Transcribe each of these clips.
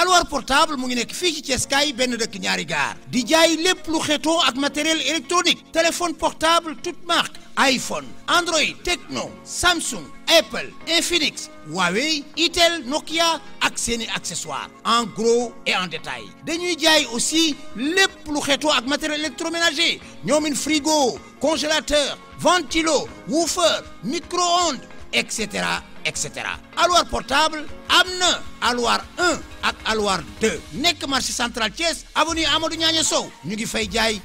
alors portable mu ngi nek fi ci Thiès kaay ben nous ñaari di jaay lu matériel électronique téléphone portable toute marque iPhone Android Techno, Samsung Apple Infinix Huawei Itel Nokia ak accessoires en gros et en détail dañuy jaay aussi lepp lu xetoo ak matériel électroménager frigo congélateur ventilo woofer micro-ondes etc etc Aloir portable amna Alouar 1 et Aloir 2 Nek marché central Thiès avenue Amadou Niagne Sow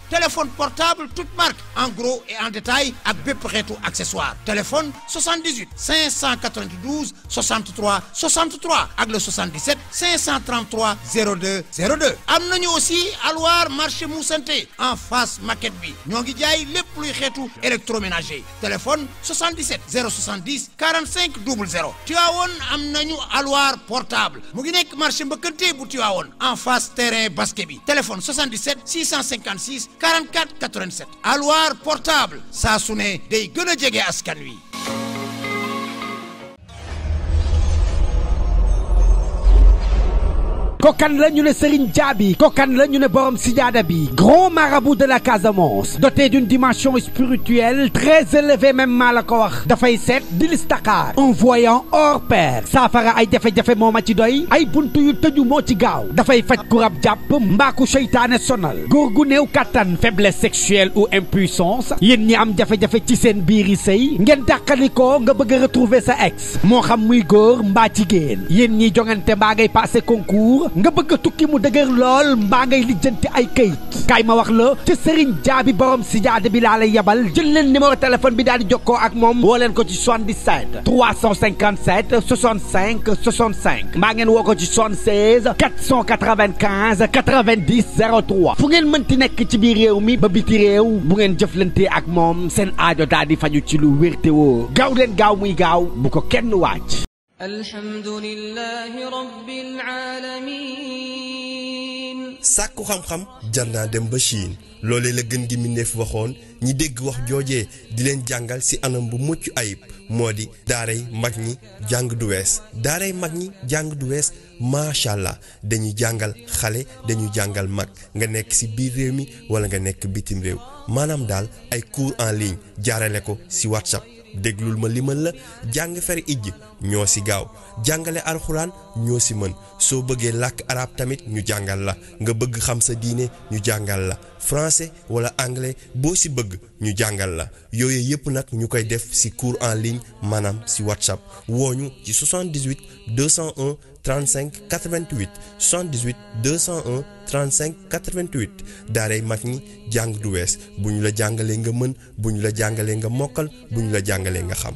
téléphone portable toute marque en gros et en détail avec des xeetu accessoire téléphone 78 592 63 63 et le 77 533 02 02 am aussi Aloir marché Moussanté en face maquette bi ñoo ngi jaay électroménager téléphone 77 070 45 double tu as am nañu portable mu ngi nek marché mbëkkante bu Tivaouane en face terrain basket téléphone 77 656 44 87 alwaar portable Ça suné day gëna a askan wi kokan la ñu né Serigne kokan la ñu né borom sijaada bi grand marabout de la Casamance doté d'une dimension spirituelle très élevée même malako la ko wax dafay un voyant hors pair Safara ay jafé jafé moo ma ci doy ay buntu yu tëju mo ci gaaw dafay faj ku rab jàpp ou seytaane faiblesse sexuelle ou impuissance yeen ñi am jafé jafé ci seen biiri sey ngeen takaliko nga bëgg retrouver sa ex mo xam muy góor mbaa jigéen yeen ñi jongante ngay concours nga bëgg a tukki mu dëgër lool mbaa ngay lijjanti ay kayit kaay ma wax la ci Serigne Jaabi borom si jaade bi laa lay yebal jël leen numéro téléphone bi daal di jokkoo ak moom woo leen ko ci 77 357 65 65 mbaa ngeen woo ko ci 76 495 90 03 fu ngeen mënti nekk ci biir réew mi ba biti réew bu ngeen jëflante ak moom seen aajo daal di faju ci lu wér gaaw leen gaaw muy gaaw bu ko kenn waaj الحمد لله sàkku xam-xam jar naa dem ba Chine loole la gën gi mbindéef waxoon ñi dégg wax joojee di leen jàngal ci anam bu mucc ayib moo di daaray mag ñi jàng du daaray mag ñi jàng du wees macha dañuy jàngal xale dañuy jàngal mag nga nekk ci biir réew mi walla nga nekk bitim réew maanaam daal ay cours en ligne jaarale ko ci WhatsApp déglul ma limal la jàng fer ijj ñoo si gaaw jàngale alxuraan ñoo si mën soo bëggee làkk arab tamit ñu jàngal la nga bëgg xam sa diine ñu jàngal la français wala anglais boo si bëgg ñu jàngal la yooyu yëpp nag ñu koy def si cours en ligne maanaam si whatsapp wooñu ci 78 201 35 88 78 201 35 88 daaray mag ñi jàng du wees bu ñu la jàngalee nga mën bu ñu la jàngalee nga mokkal bu ñu la jàngalee nga xam.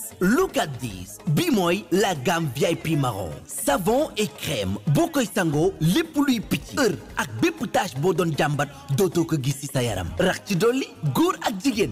look at this bi la gamme VIP marron savon et crème Bokoy sango, sango, les luy petits. heure ak des tache pour doon jàmbat dootoo ko gis ci sa yaram rax ci dolli pas ak jigéen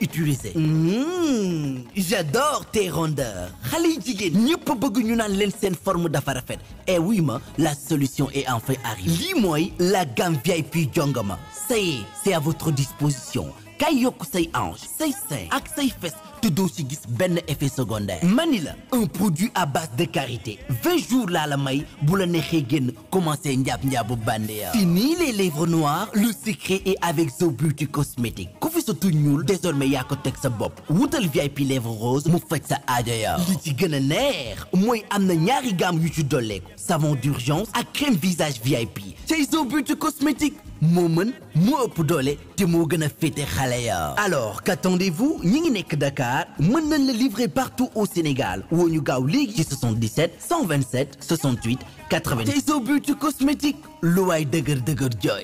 utiliser mmh. j'adore tes rondeurs xale jigen, n'y ñépp bëgg ñu naan leen seen forme dafa rafet et eh oui ma la solution est enfin arrivée Bimoy, la gamme VIP jongama ça y est c'est à votre disposition kay say ange, say sein ak say fesse te doo ci gis effet secondaire Manila un produit à base de karité 20 jours là la may bu la neexee génn commencé njaab-njaabu bandeya fini les lèvres noires le secret est avec Zo Beauty cosmétique ku fi tout tuñ désormais yaa ko teg sa bopp wutal VIP lèvres roses mu fait sa aajoya li ci gën a neex mooy am ñaari gamme yu ci dolleeku savon d'urgence à crème visage VIP chez Zo Beauty cosmétique moo mën moo ëpp doole te moo gën a féete ya alors qu'attendez-vous ñi ngi nekk Dakar Dakar mën nañ livrer partout au Sénégal Ou au gaaw léegi 77 127 68 80 au but du cosmétique lu Joy dëgër dëgër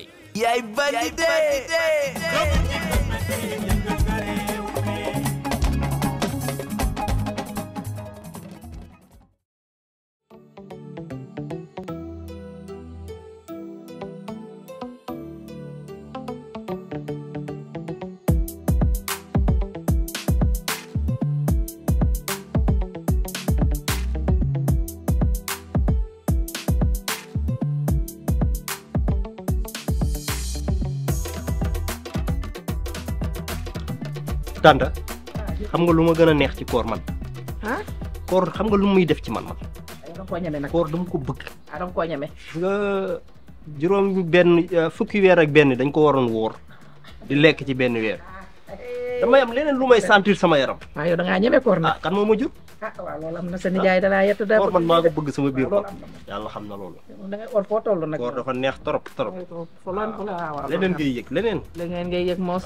tanda xam nga luma gëna neex ci koor man han koor xam nga lu muy def ci man man da ko ñame nak koor dum ko bëgg ah, da ko ñame nga juróom ben euh, fukki wër ak ben dañ ko waron wor di lekk ci ben wër dama am leneen lu may sentir sama yaram waaw ah, yow da nga ñame koor na ah, kan moo ma jur ah waaw loolu am na sa nijaay da la yettu da koor man maa ko bëgg sama biir xol yàlla xam na loolu da ngay or fo tollu nak koor dafa neex trop trop leneen ngay yëg leneen leneen ngay yëg moos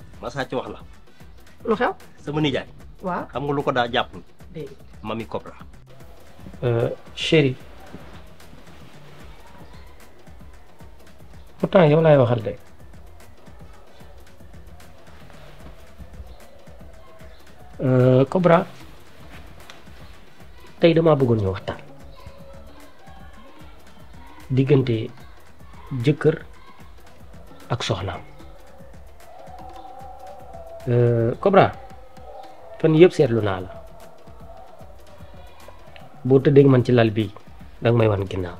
ma sàcc wax la. lu xew. sama nijaay. waaw nga lu ko daa jàpp. déedéet mami Cobra. Euh, chéri pourtant yow laay de. Euh, Cobra tey damaa bëggoon ñu waxtaan diggante jëkkër ak soxnaam. Cobra fan yëpp seetlu naa la boo tëddee man ci lal bi danga may wan ginnaaw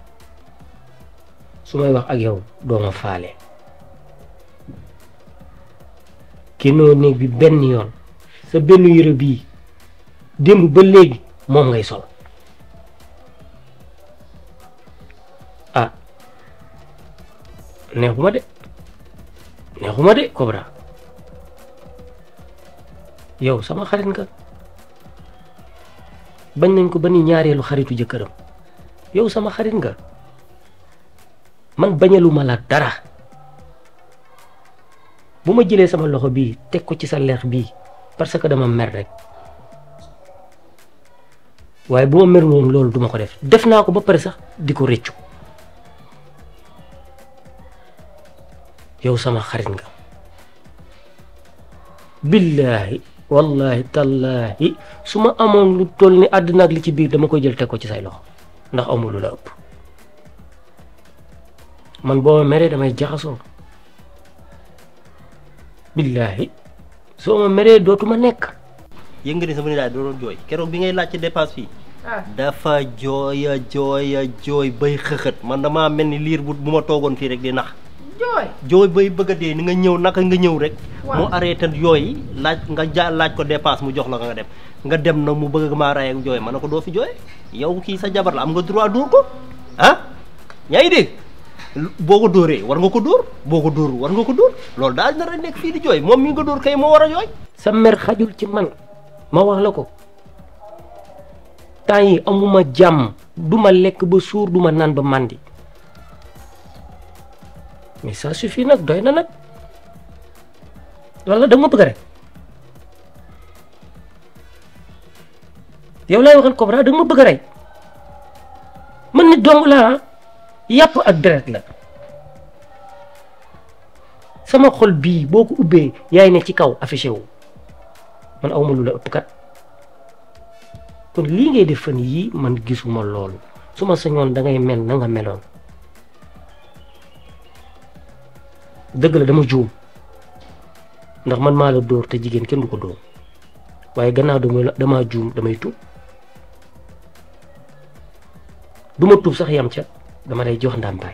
su may wax ak yow doo ma faale kinoo néeg bi benn yoon sa benn yére bii démb ba léegi moom ngay sol ah neexuma de neexuma de Cobra yow sama xarit nga bañ nañ ko ba ni ñaareelu xaritu jëkkëram yow sama xarit nga man bañaluma la dara bu ma jëlee sama loxo bii teg ko ci sa lex bii parce que dama mer rek waaye bu ma mer woon loolu duma ko def def naa ko ba pare sax di ko rëccu yow sama xarit nga billaahi wallahi tallahi suma amon lu toll ni àddina ak li ci bir dama koy jël teg ci say loxo ndax amul lu la man bo ma damay jaxaso billahi soo ma dotuma nek nekk ni sama ni daal doon bi ngay lacc dépense ah. dafa joya joya joy bay xexet man dama melni lire bu buma togon fi rek di nax joy jooy bay bëgg a ni nga ñëw nak nga ñëw rek mu arrêté yooyu laaj nga ja laaj ko dépasse mu jox la nga dem nga dem na mu bëgg ma ray ak joy ma ko fi joy yow ki sa jabar la am nga droit dur ko ah ñay deh, boko doré war nga ko dur boko dur war nga ko dur lool daal na nek fi di joy mom mi nga dur kay mo wara joy sa mer xajul ci man ma wax la ko amuma jam duma lek ba sour duma nan ba mandi Misa si su fii na nag walla da nga yow laay waxal Cobra man dong ak deret la sama xol bii boo ko ubbee yaay ne ci kaw affiché wu man awma lu la kat kon lii ngay def fan man gisuma loolu su ma da ngay mel na nga dëgg la dama juum ndax man maa la dóor te jigéen kenn du ko dóor waaye gannaaw la damaa juum damay tub du ma tuub sax yam ca dama lay jox ndàmpaay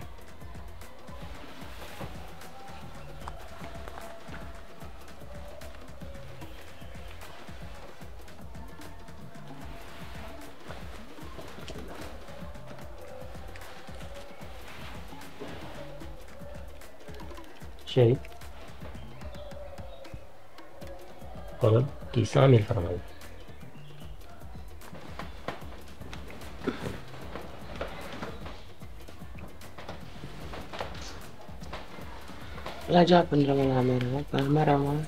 şey onun giysi amir parmağı. Raja peneraman Amerika, Palmer Ramon.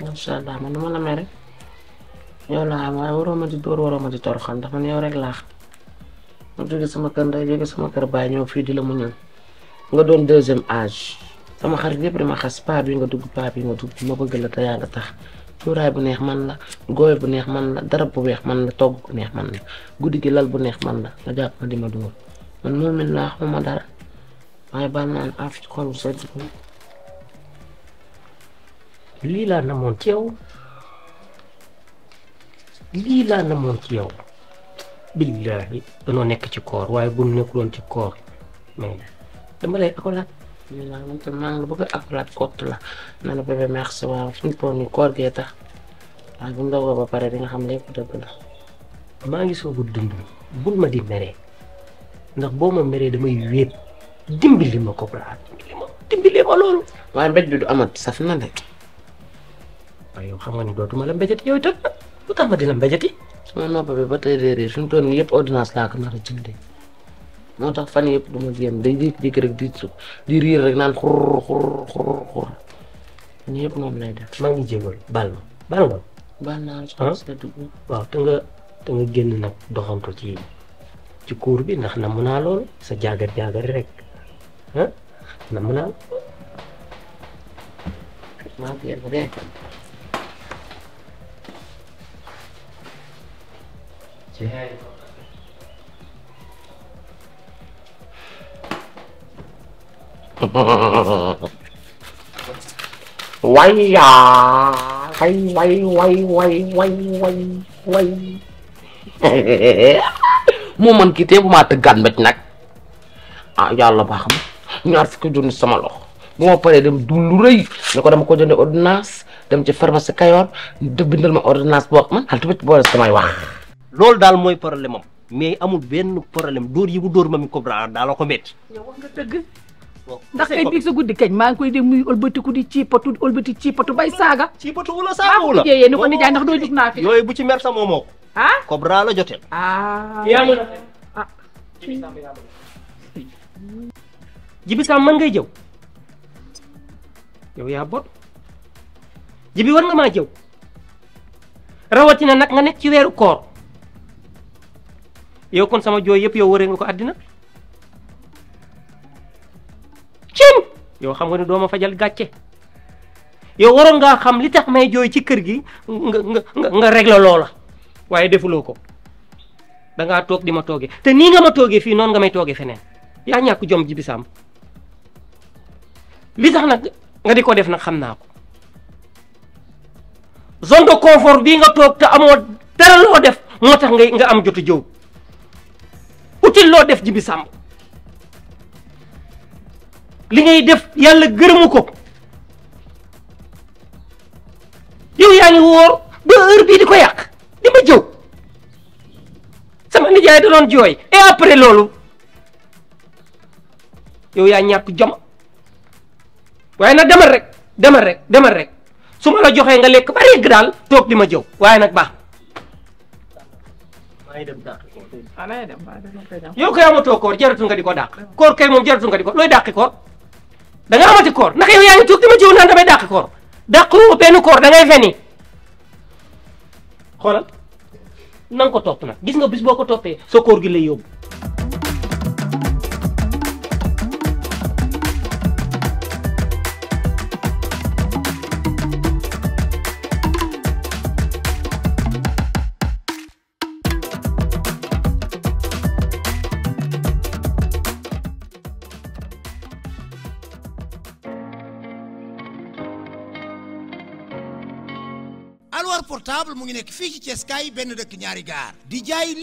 Masalah, mana mana merek? Ya lah, mau orang maju tur, orang maju tur kan, tapi orang lah. Maju ke sama kerja, juga sama kerbanyo, video lemunya. nga doon deuxième âge sama xarit yëpp dama xas paa bi nga dugg paa bi nga dugg ma bëgg la te yaa nga tax cuuraay bu neex man la gooy bu neex man la dara bu weex man la togg bu neex man la guddi gi lal bu neex man la nga jàpp ma di ma dugal man moom it laa xamuma dara waaye baal naa ne af ci laa namoon ci yow lii laa ci yow billaahi nekk ci koor waaye bu nekkuloon ci koor dama lay accolade ñu la man tam maa ngi bëgg a accolade la na la bébé merci waaw suñ ko ni koor gee tax waaye bu ndogoo ba pare di nga xam lépp dëgg la maa ngi soog a dund bul ma di meree ndax boo ma meree damay wéet dimbali ma ko laa dimbali ma dimbali ma loolu waaye mbéj bi du amat saf na de waaye yow xam nga ni dootuma la mbéjati yow itam lu ma di la mbéjati sama noppa bi ba tey réeréer suñu toon yëpp ordonnance laa ko nar a moo tax fan yëpp duma ma yem day jékki-jékki rek di su di riir rek naan xur xur xur xur ñun yëpp moom lay def. maa ngi jégalu bal ma baal nga. baal naa la soxna Seydou. waaw te nga te nga génn nag doxantu ci ci cour bi ndax na naa lool sa jaagar jaagar rek ah namm naa. maa ngi yem rek. Yeah. Wai man wai, wai, wai, wai, wai, wai, wai. nag ah yàlla ya baax na ñaar fukki junni sama loxo bu ma paree ya, dem dul lu rëy ne ko dama ko jëndee ordonnance dem ci pharmacie Kayor de bindal ma ordonnance boo man xal tamit boole samay wax. loolu daal mooy problème am mais amul benn problème dóor yi bu dóor ma Cobra daal ko métti. yow wax nga ndax kay bi sa guddi kañ ma ngui dem muy ku di ci patu ëlbati ci patu bay saga ci patu wala saaga wala maa yee ni ko nijaay ndax do fi yoy bu ci mer sa ha ko ah la jotel ah yamu na ah. jibi sam man ngay jew yow ya bot jibi war nga jew rawati na nak nga nek ci wéru koor yow kon sama joy yep yow wéré nga ko adina yow xam nga ni doo ma fajal gàcce yow waroon ngaa xam li tax may jooy ci kër gi nga nga nga régler loola waaye defuloo ko dangaa toog di ma toogee te nii nga ma toogee fii noonu nga may toogee feneen yaa ñàkk jom ji bisaam li tax nag nga di ko def nag xam naa ko zone de confort bii nga toog te amoo dara loo def moo tax nga nga am jotu jëw util loo def ji bisaam li ngay def yàlla gërëmu ko yow yaa ngi woor ba bii di ko yàq di ma jow sama nijaay da doon jooy et après loolu yow yaa ñàkk jom waaye nag demal rek demal rek demal rek su ma la joxee nga lekk ba régg daal toog di ma jëw waaye nag baax ah, yow kay amatoo koor jaratul nga di ko dàq koor kay moom jaratul nga di ko looy dàqi koor da nga amati koor ndax yow yaa ngi toog di ma jiw naan damay dàq koor dàqu benn koor da ngay feni xoolal na ko topp nag gis nga bis boo ko toppee sa koor gi lay yóbbu ngi nekk benn gaar di jaay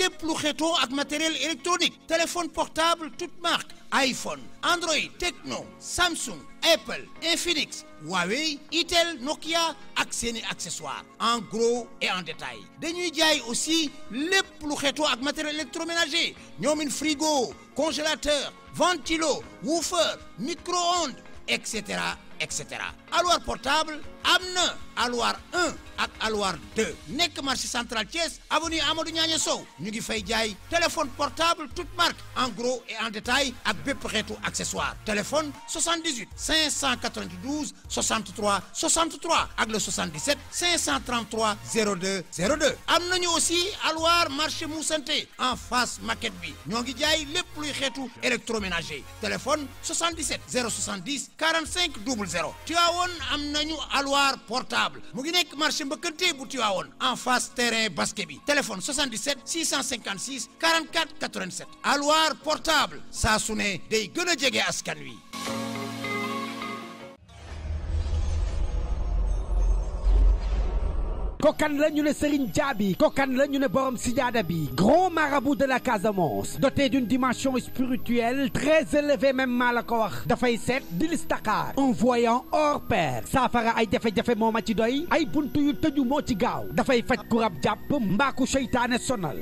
matériel électronique téléphone portable toute marque iPhone Android Techno, Samsung Apple Infinix Huawei Intel, Nokia ak accessoires en gros et en détail dañuy aussi les lu xeetoo ak matériel électroménager une frigo congélateur ventilo woofer micro-ondes etc etc alors portable amna aloir 1 ak aloir 2 Nek marché central Thiès avenue Amadou Niagne Sow fay téléphone portable toute marque en gros et en détail ak bépp accessoire téléphone 78 592 63 63 ak le 77 533 02 02 am aussi aloir marché Moussanté en face maquette bi ñoo ngi jaay lépp luy électroménager téléphone 77 070 45 00 Tivaouane am à aloir portable mu marche marché en face terrain basket téléphone 77 656 44 87 Alloir portable Sasune, sonné des day kokan la ñu ne Serigne Diaby kokan la ñu ne borom sijaada bi grand marabout de la Casamance doté d'une dimension spirituelle très élevée même maa la ko wax dafay di un voyant hors pair Safara ay jafé jafé moma ci doy ay buntu yu tëju mo ci gaaw dafay faj ku rab jàpp mbaa ku sonal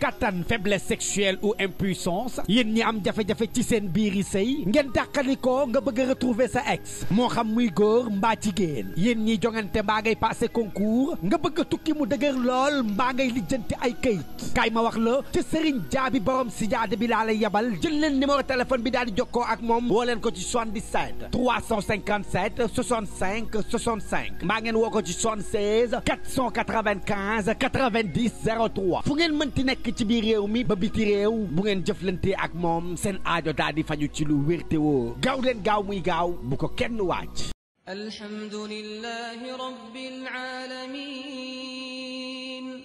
katan faiblesse sexuelle ou impuissance yeen ñi am jafé jafé ci sen biiri sey sëy ngeen dàqalikoo nga bëgg retrouver sa ex mo xam muy mba ci geen yeen ñi jongante ngay passer concours nga bëgg a tukki mu dëgër lool mbaa ngay lijjanti ay këyit kaay ma wax la ci Serigne Jaabi borom si jaada bi laa lay yebal jël leen numéro téléphone bi daal di ko ak moom woo leen ko ci 77 357 65 65 mbaa ngeen woo ko ci 76 495 90 03 fu ngeen mënti nekk ci biir réew mi ba biti réew bu ngeen jëflante ak moom seen aajo daal di faju ci lu wér te woo gaaw leen gaaw muy gaaw bu ko kenn waaj الحمد لله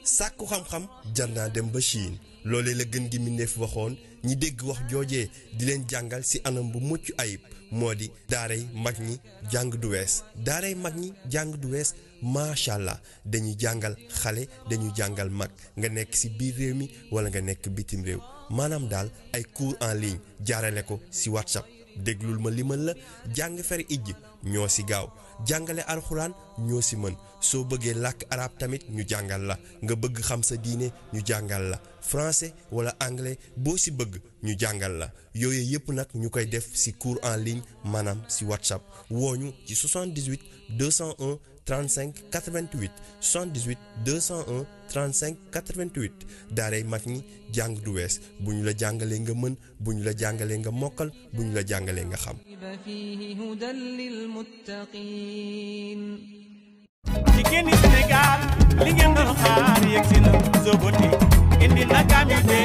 sàkku xam-xam jar naa dem ba Chine loole la gën gi mindeef waxoon ñi dégg wax joojee di leen jàngal ci anam bu mucc ayib moo di daaray mag ñi jàng du wees daaray mag jàng du wees macha allah dañuy jàngal xale dañuy jàngal mag nga nekk ci biir réew mi walla nga nekk bitim réew maanaam daal ay cours en ligne jaarale ko ci WhatsApp déglul ma limal la jàng fer ijj ñoo si gaaw jàngale alxuraan ñoo si mën soo bëggee làkk arab tamit ñu jàngal la nga bëgg xam sa diine ñu jàngal la français wala anglais boo si bëgg ñu jàngal la yooyu yëpp nag ñu koy def si cours en ligne maanaam si whatsapp wooñu ci 78 201 35 88 78 201 35 88 daaray mag ñi jàng du wess bu la jàngalee nga mën bu la jàngalee nga mokal bu la jàngalee nga xam jigéen ñi Sénégal li ngeen doon xaar indi na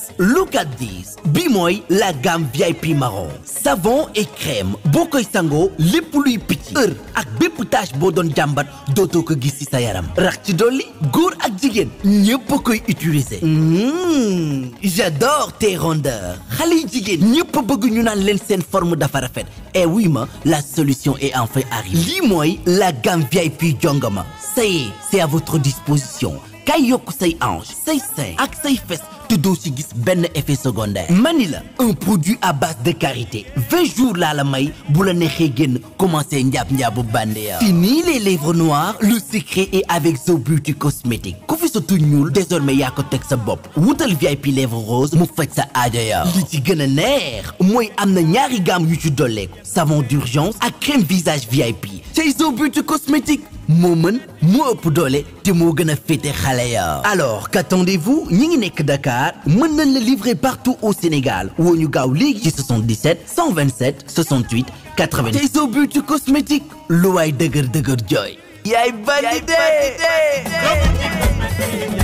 look at this bi la gamme VIP marron savon et crème Bokoy sango les lépp luy picc heure ak des tache pour donner jàmbat dootoo ko gis ci sa yaram rax ci dolli Gour ak jigéen koy utiliser hmm. j'adore tes rondeurs xale jigen, jigéen ñépp bëgg ñu naan leen seen forme dafa et eh oui ma la solution est enfin arrivée Bimoy, la gamme VIP jongama ça y est c'est à votre disposition kay yokk say ces say sein ak say fes te doo ci gis benn effet secondaire Manila, un produit à base de carité. 20 jours laa la may bu la neexee génn commencé njaab-njaabu bandeya fini les lèvres noires le secret est avec Zo Beauty cosmétique ku fi sa tuñ ñuul désormais yaa ko teg sa bopp wutal VIP lèvres roses mu faj sa aajo ya li ci gën a neex mooy am na ñaari gamme yu ci dolleeku savon d'urgence ak crème visage VIP chez Zo Beauty cosmétique moo mën moo ëpp doole te moo gën a féete xale ya alors qu'attendez-vous ñi ngi nekk Dakar mën nañ la livrer partout au Sénégal woo ñu gaaw léegi ci 77 127 68 80 Tezo Beauty Cosmétique lu waay dëgër dëgër jooy yaay bandi de